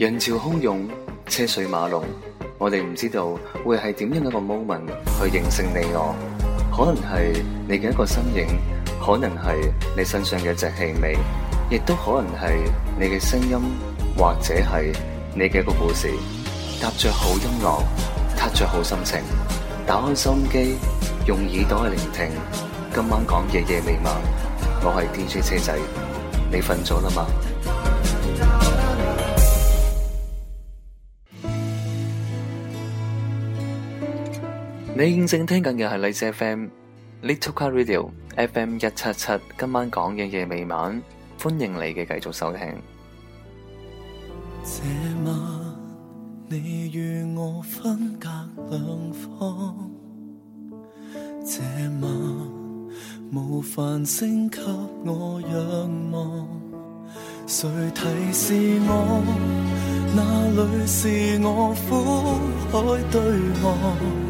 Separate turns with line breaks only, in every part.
人潮洶湧，車水馬龍，我哋唔知道會係點樣一個 moment 去形成你我，可能係你嘅一個身影，可能係你身上嘅一隻氣味，亦都可能係你嘅聲音，或者係你嘅一個故事。踏着好音樂，踏着好心情，打開收音機，用耳朵去聆聽。今晚講嘅《夜未晚》。我係 DJ 車仔，你瞓咗啦嘛？你現正聽緊嘅係荔枝 F M Little Car Radio F M 一七七，今晚講嘅嘢未晚，歡迎你嘅繼續收聽。這
晚你與我分隔兩方，這晚無繁星給我仰望，誰提示我哪裡是我苦海對岸？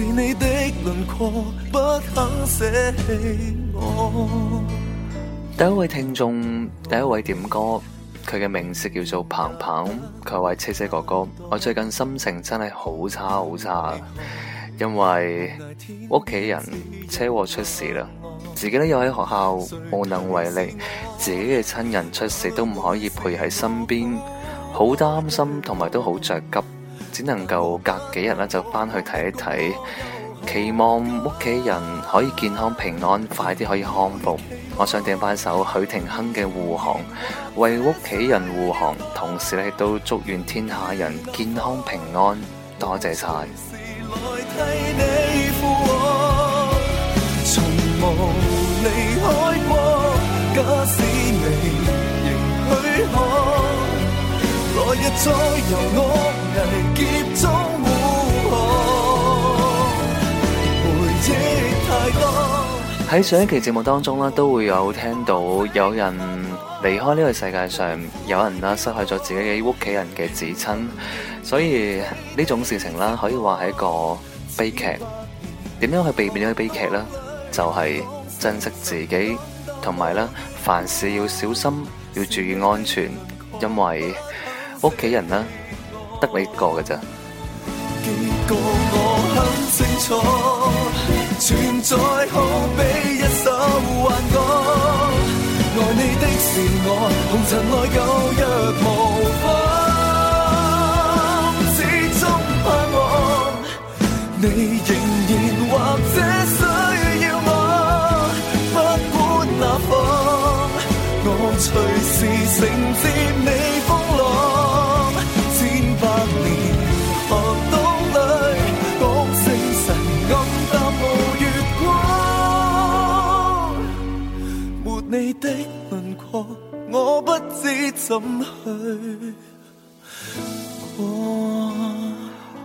是你的輪廓不肯捨
棄我。第一位聽眾，第一位點歌，佢嘅名字叫做鵬鵬，佢係位車車哥哥。我最近心情真係好差好差，因為屋企人車禍出事啦，自己咧又喺學校無能為力，自己嘅親人出事都唔可以陪喺身邊，好擔心同埋都好着急。只能夠隔幾日咧，就翻去睇一睇，期望屋企人可以健康平安，快啲可以康復。我想訂翻首許廷鏗嘅護航，為屋企人護航，同時咧，都祝願天下人健康平安。多謝晒。
來日再由我嚟結終。回憶太多，
喺上一期節目當中咧，都會有聽到有人離開呢個世界上，有人咧失去咗自己嘅屋企人嘅至親，所以呢種事情啦，可以話係一個悲劇。點樣去避免呢個悲劇咧？就係、是、珍惜自己，同埋咧凡事要小心，要注意安全，因為。屋企人啦，得你
一個㗎咋？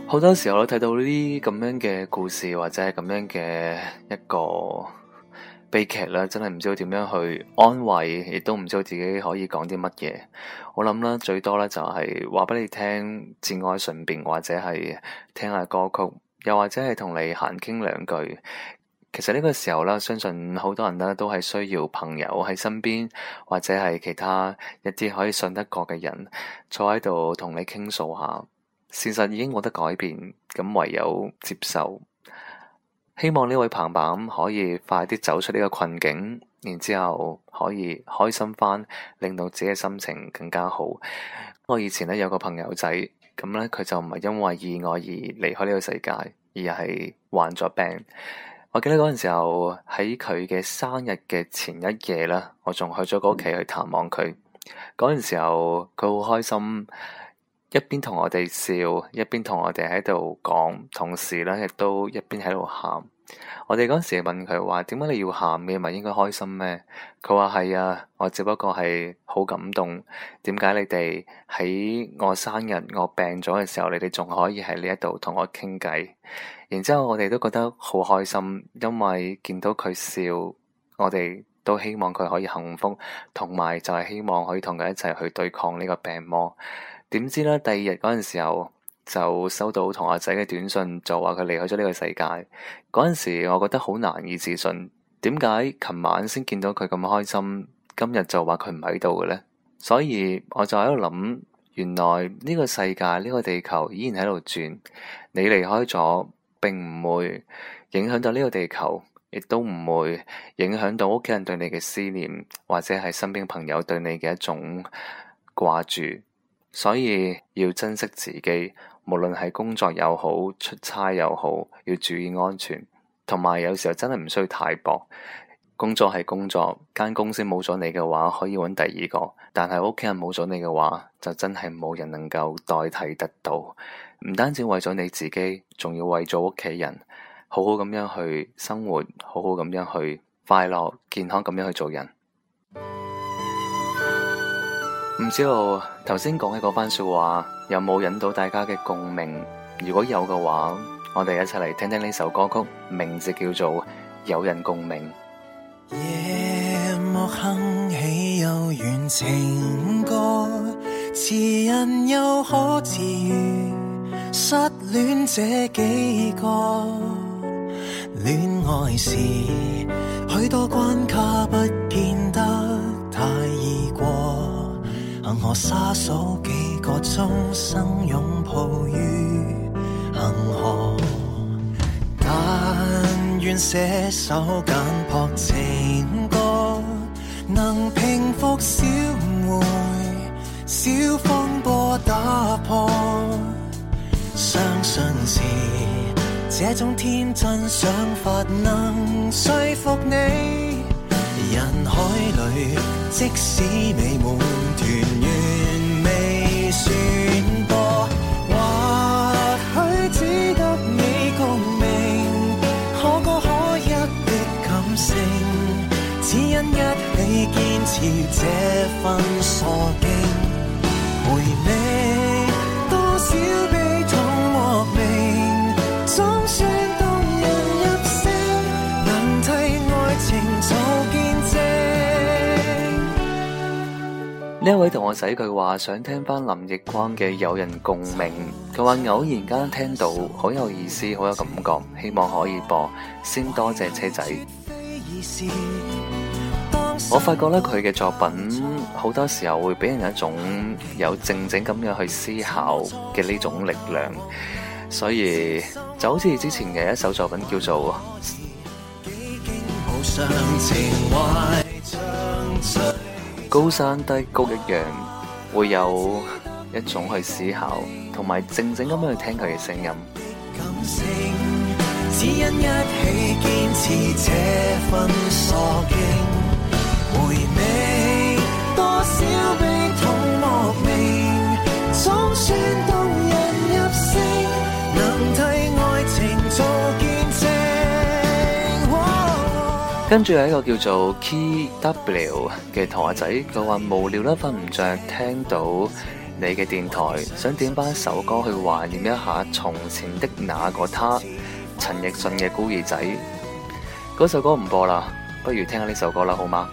好多時候都睇到呢啲咁樣嘅故事，或者係咁樣嘅一個悲劇咧，真係唔知道點樣去安慰，亦都唔知道自己可以講啲乜嘢。我諗咧，最多咧就係話俾你聽節哀順變，順便或者係聽下歌曲，又或者係同你閒傾兩句。其實呢個時候咧，相信好多人咧都係需要朋友喺身邊，或者係其他一啲可以信得過嘅人坐喺度同你傾訴下。事實已經冇得改變，咁唯有接受。希望呢位彭彭可以快啲走出呢個困境，然之後可以開心翻，令到自己嘅心情更加好。我以前咧有個朋友仔，咁咧佢就唔係因為意外而離開呢個世界，而係患咗病。我記得嗰陣時候喺佢嘅生日嘅前一夜咧，我仲去咗嗰屋企去探望佢。嗰陣時候佢好開心，一邊同我哋笑，一邊同我哋喺度講，同時咧亦都一邊喺度喊。我哋嗰陣時問佢話：點解你要喊，你唔係應該開心咩？佢話：係啊，我只不過係好感動。點解你哋喺我生日我病咗嘅時候，你哋仲可以喺呢一度同我傾偈？然之後，我哋都覺得好開心，因為見到佢笑，我哋都希望佢可以幸福，同埋就係希望可以同佢一齊去對抗呢個病魔。點知咧，第二日嗰陣時候就收到同阿仔嘅短信，就話佢離開咗呢個世界。嗰陣時，我覺得好難以置信，點解琴晚先見到佢咁開心，今日就話佢唔喺度嘅咧？所以我就喺度諗，原來呢個世界、呢個地球依然喺度轉，你離開咗。並唔會影響到呢個地球，亦都唔會影響到屋企人對你嘅思念，或者係身邊朋友對你嘅一種掛住。所以要珍惜自己，無論係工作又好，出差又好，要注意安全。同埋，有時候真係唔需要太搏。工作係工作，間公司冇咗你嘅話可以揾第二個，但係屋企人冇咗你嘅話就真係冇人能夠代替得到。唔單止為咗你自己，仲要為咗屋企人，好好咁樣去生活，好好咁樣去快樂、健康咁樣去做人。唔知道頭先講嘅嗰番說話有冇引到大家嘅共鳴？如果有嘅話，我哋一齊嚟聽聽呢首歌曲，名字叫做《有人共鳴》。夜
幕哼起幽怨情歌，詞人又可自愈失戀這幾個，戀愛時許多關卡不見得太易過，恆河沙數幾個終生擁抱於。願寫首簡樸情歌，能平復小誤會，小風波打破。相信是這種天真想法能說服你，人海裏即使未滿團圓。而這份傻勁，回味多少悲痛莫名，總算動人入勝，能替愛情做見證。
呢一位同學仔佢話想聽翻林奕匡嘅《有人共鳴》，佢話偶然間聽到，好有意思，好有感覺，希望可以播。先多謝車仔。 我發覺咧，佢嘅作品好多時候會俾人一種有靜靜咁樣去思考嘅呢種力量，所以就好似之前嘅一首作品叫做
《
高山低谷》一樣，會有一種去思考，同埋靜靜咁樣去聽佢嘅聲音。
回味多少悲痛，莫名總算動人入聲能替愛情做見
證。哦哦哦跟住係一個叫做 K.W. 嘅同學仔，佢話無聊啦，瞓唔着，聽到你嘅電台，想,想點翻首歌去懷念一下從前的那個他。陳從前 奕迅嘅《孤兒仔》嗰首歌唔播啦，不如聽下呢首歌啦，好嗎？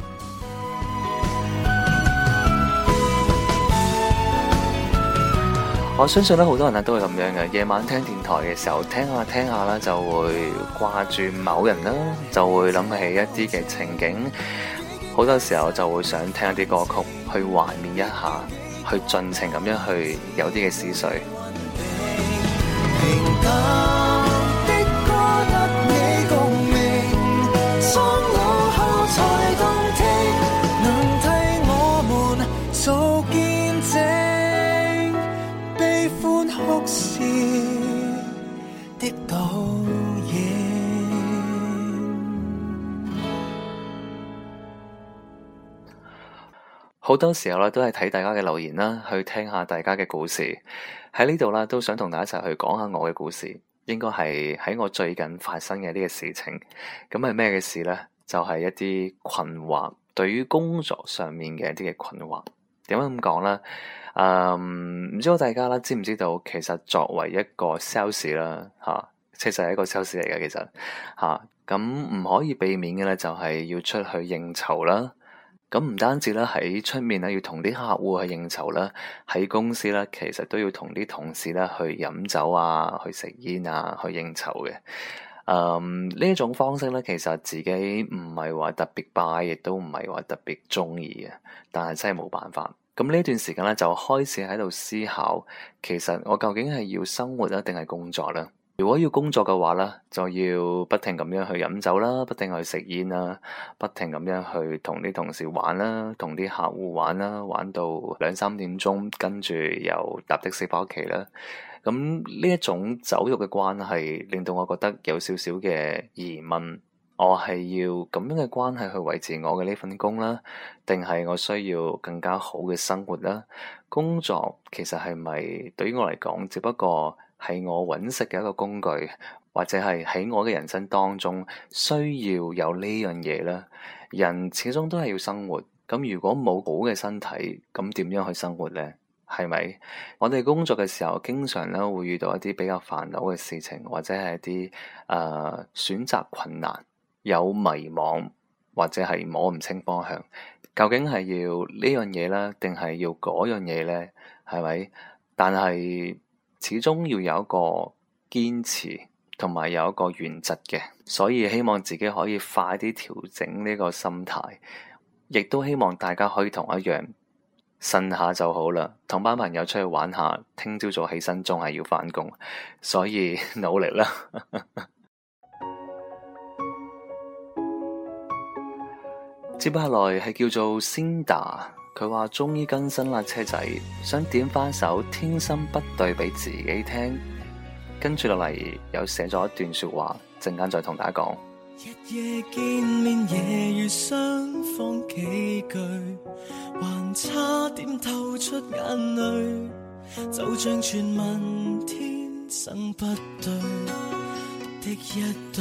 我相信咧，好多人啊都係咁樣嘅。夜晚聽電台嘅時候，聽下聽下啦，就會掛住某人啦，就會諗起一啲嘅情景。好多時候就會想聽一啲歌曲，去懷念一下，去盡情咁樣去有啲嘅思緒。 好多時候咧，都係睇大家嘅留言啦，去聽下大家嘅故事。喺呢度啦，都想同大家一齊去講下我嘅故事。應該係喺我最近發生嘅呢個事情。咁係咩嘅事呢？就係、是、一啲困惑，對於工作上面嘅一啲嘅困惑。點解咁講呢？誒、嗯，唔知道大家啦，知唔知道？其實作為一個 sales 啦，吓，其實係一個 sales 嚟嘅，其實吓咁唔可以避免嘅咧，就係要出去應酬啦。咁唔單止咧喺出面咧要同啲客戶去應酬啦；喺公司咧其實都要同啲同事咧去飲酒啊，去食煙啊，去應酬嘅。嗯，呢一種方式咧，其實自己唔係話特別 buy，亦都唔係話特別鍾意嘅。但係真係冇辦法。咁呢段時間咧，就開始喺度思考，其實我究竟係要生活啊，定係工作咧？如果要工作嘅話，咧，就要不停咁樣去飲酒啦，不停去食煙啦，不停咁樣去同啲同事玩啦，同啲客戶玩啦，玩到兩三點鐘，跟住又搭的士翻屋企啦。咁呢一種酒肉嘅關係令到我覺得有少少嘅疑問，我係要咁樣嘅關係去維持我嘅呢份工啦，定係我需要更加好嘅生活啦？工作其實，係咪對於我嚟講只不過。係我揾食嘅一個工具，或者係喺我嘅人生當中需要有呢樣嘢啦。人始終都係要生活，咁如果冇好嘅身體，咁點樣去生活呢？係咪？我哋工作嘅時候，經常咧會遇到一啲比較煩惱嘅事情，或者係一啲誒、呃、選擇困難，有迷惘或者係摸唔清方向，究竟係要呢樣嘢咧，定係要嗰樣嘢呢？係咪？但係。始終要有一個堅持，同埋有一個原則嘅，所以希望自己可以快啲調整呢個心態，亦都希望大家可以同一樣，呻下就好啦，同班朋友出去玩下，聽朝早起身仲係要返工，所以努力啦。 接下來係叫做先達。佢話終於更新啦，車仔想點翻首《天生不對》俾自己聽，跟住落嚟又寫咗一段說話，陣間再同大家講。
一夜見面，夜雨相逢幾句，還差點透出眼淚，就像傳聞天生不對
嘅一對。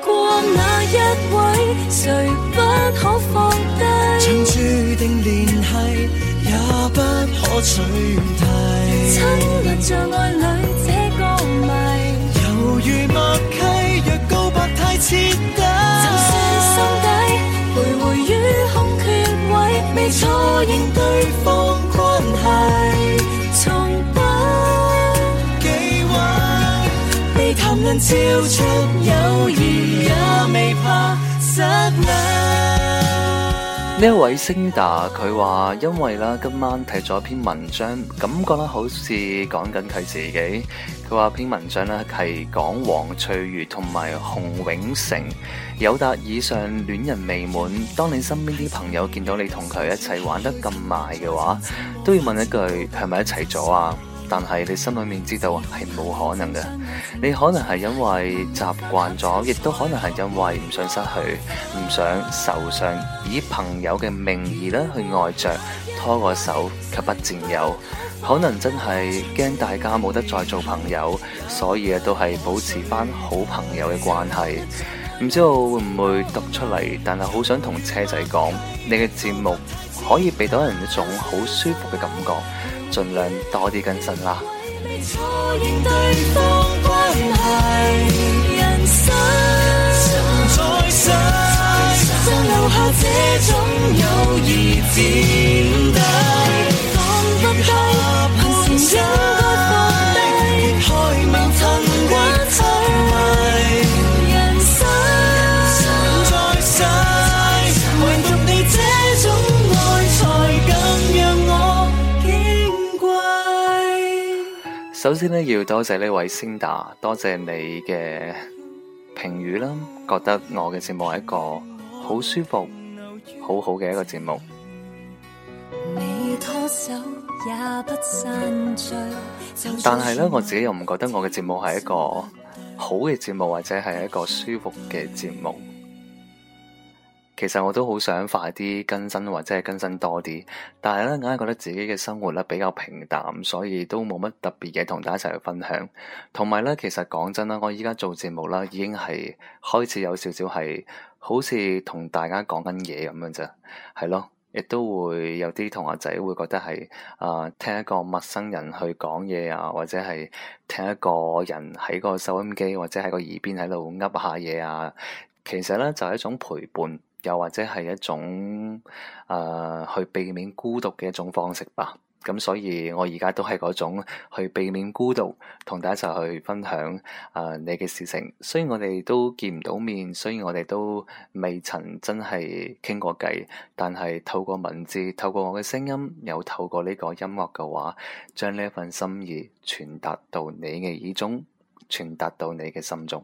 那一位，誰不可放低？像注定聯繫，也不可取替。親密像愛侶這個謎，猶如默契，若告白太徹底。就算心底徘徊於空缺位，未錯認對方關係。
呢一位星達佢話，因為啦今晚睇咗篇文章，感覺咧好似講緊佢自己。佢話篇文章呢，係講黃翠如同埋洪永城友達以上戀人未滿。當你身邊啲朋友見到你同佢一齊玩得咁埋嘅話，都要問一句係咪一齊咗啊？但係你心裏面知道係冇可能嘅。你可能係因為習慣咗，亦都可能係因為唔想失去，唔想受傷，以朋友嘅名義咧去愛着，拖個手卻不佔有，可能真係驚大家冇得再做朋友，所以啊都係保持翻好朋友嘅關係。唔知道會唔會讀出嚟，但係好想同車仔講，你嘅節目可以俾到人一種好舒服嘅感覺。盡量多啲謹慎啦。 首先呢，要多謝呢位星達，多謝你嘅評語啦，覺得我嘅節目係一個好舒服、好好嘅一個節目。
但係咧，我
自己又唔覺得我嘅節目係一個好嘅節目，或者係一個舒服嘅節目。其實我都好想快啲更新或者係更新多啲，但係咧硬係覺得自己嘅生活咧比較平淡，所以都冇乜特別嘅同大家一齊去分享。同埋咧，其實講真啦，我依家做節目啦，已經係開始有少少係好似同大家講緊嘢咁樣啫，係咯，亦都會有啲同學仔會覺得係啊、呃，聽一個陌生人去講嘢啊，或者係聽一個人喺個收音機或者喺個耳邊喺度噏下嘢啊。其實咧就係、是、一種陪伴。又或者係一種誒、呃、去避免孤獨嘅一種方式吧。咁所以我而家都係嗰種去避免孤獨，同大家一齊去分享誒、呃、你嘅事情。雖然我哋都見唔到面，雖然我哋都未曾真係傾過偈，但係透過文字、透過我嘅聲音，又透過呢個音樂嘅話，將呢一份心意傳達到你嘅耳中，傳達到你嘅心中。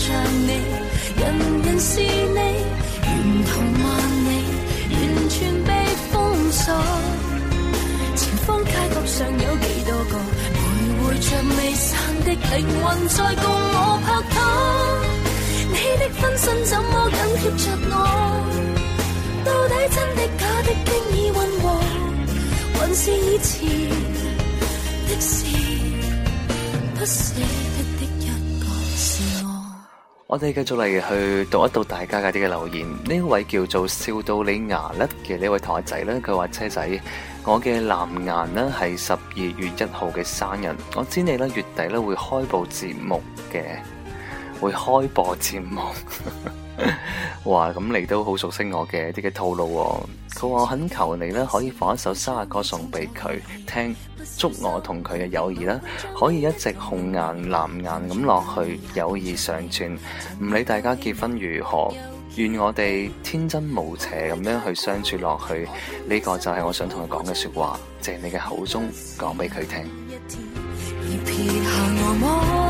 像你，人人是你，沿途萬里完全被封鎖。前方街角上有幾多個徘徊着未散的靈魂在共我拍拖？你的分身怎麼緊貼着我？到底真的假的經已混和，還是以前的事不是。
我哋繼續嚟去讀一讀大家嗰啲嘅留言。呢位叫做笑到你牙甩嘅呢位同學仔呢，佢話，車仔，我嘅藍顏呢係十二月一號嘅生日。我知你呢月底咧會開播節目嘅，會開播節目。 哇，咁你都好熟悉我嘅一啲嘅套路喎。佢話我懇求你呢，可以放一首生日歌送俾佢聽，祝我同佢嘅友誼啦。可以一直紅顏藍顏咁落去，友誼長存。唔理大家結婚如何，願我哋天真無邪咁樣去相處落去。呢、這個就係我想同佢講嘅說話，借你嘅口中講俾佢聽。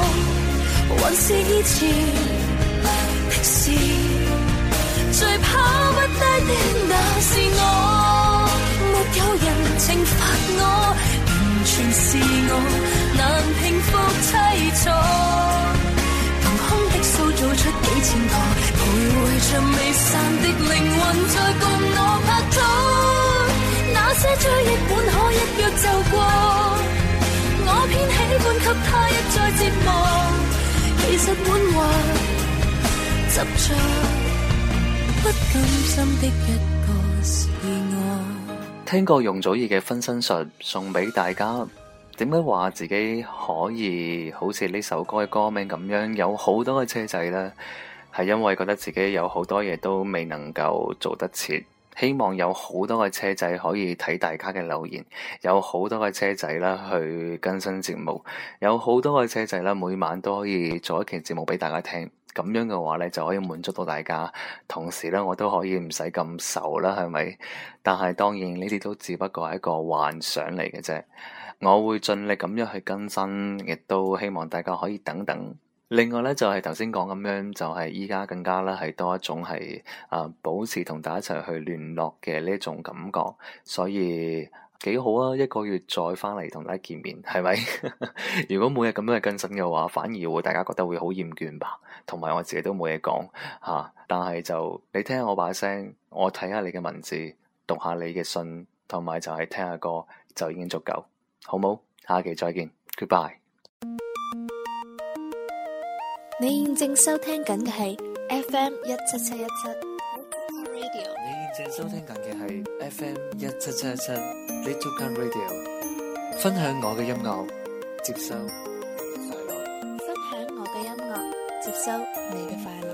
還是以前的事，最拋不低的那是我，沒有人懲罰我，完全是我，難平復凄楚。憑空的塑造出幾千個徘徊着未散的靈魂，在共我拍拖，那些追憶本可一躍就過，我偏喜歡給他一再折磨。其實
聽過容祖兒嘅分身術，送畀大家。點解話自己可以好似呢首歌嘅歌名咁樣，有好多嘅車仔呢，係因為覺得自己有好多嘢都未能夠做得切。希望有好多嘅車仔可以睇大家嘅留言，有好多嘅車仔啦去更新節目，有好多嘅車仔啦，每晚都可以做一期節目俾大家聽。咁樣嘅話咧，就可以滿足到大家，同時咧我都可以唔使咁愁啦，係咪？但係當然呢啲都只不過係一個幻想嚟嘅啫。我會盡力咁樣去更新，亦都希望大家可以等等。另外咧，就係頭先講咁樣，就係依家更加啦，係多一種係啊，保持同大家一齊去聯絡嘅呢一種感覺，所以幾好啊。一個月再翻嚟同大家見面，係咪？ 如果每日咁樣嘅更新嘅話，反而會大家覺得會好厭倦吧。同埋我自己都冇嘢講嚇，但係就你聽下我把聲，我睇下你嘅文字，讀下你嘅信，同埋就係聽下歌，就已經足夠，好冇？下期再見，Goodbye。
你現正收聽緊嘅係 FM 一七七一七
Radio，你現正收聽緊嘅係 FM 一七七一七，Little Can Radio。分享我嘅音樂，接收。分享我
嘅音樂，接收你嘅快樂。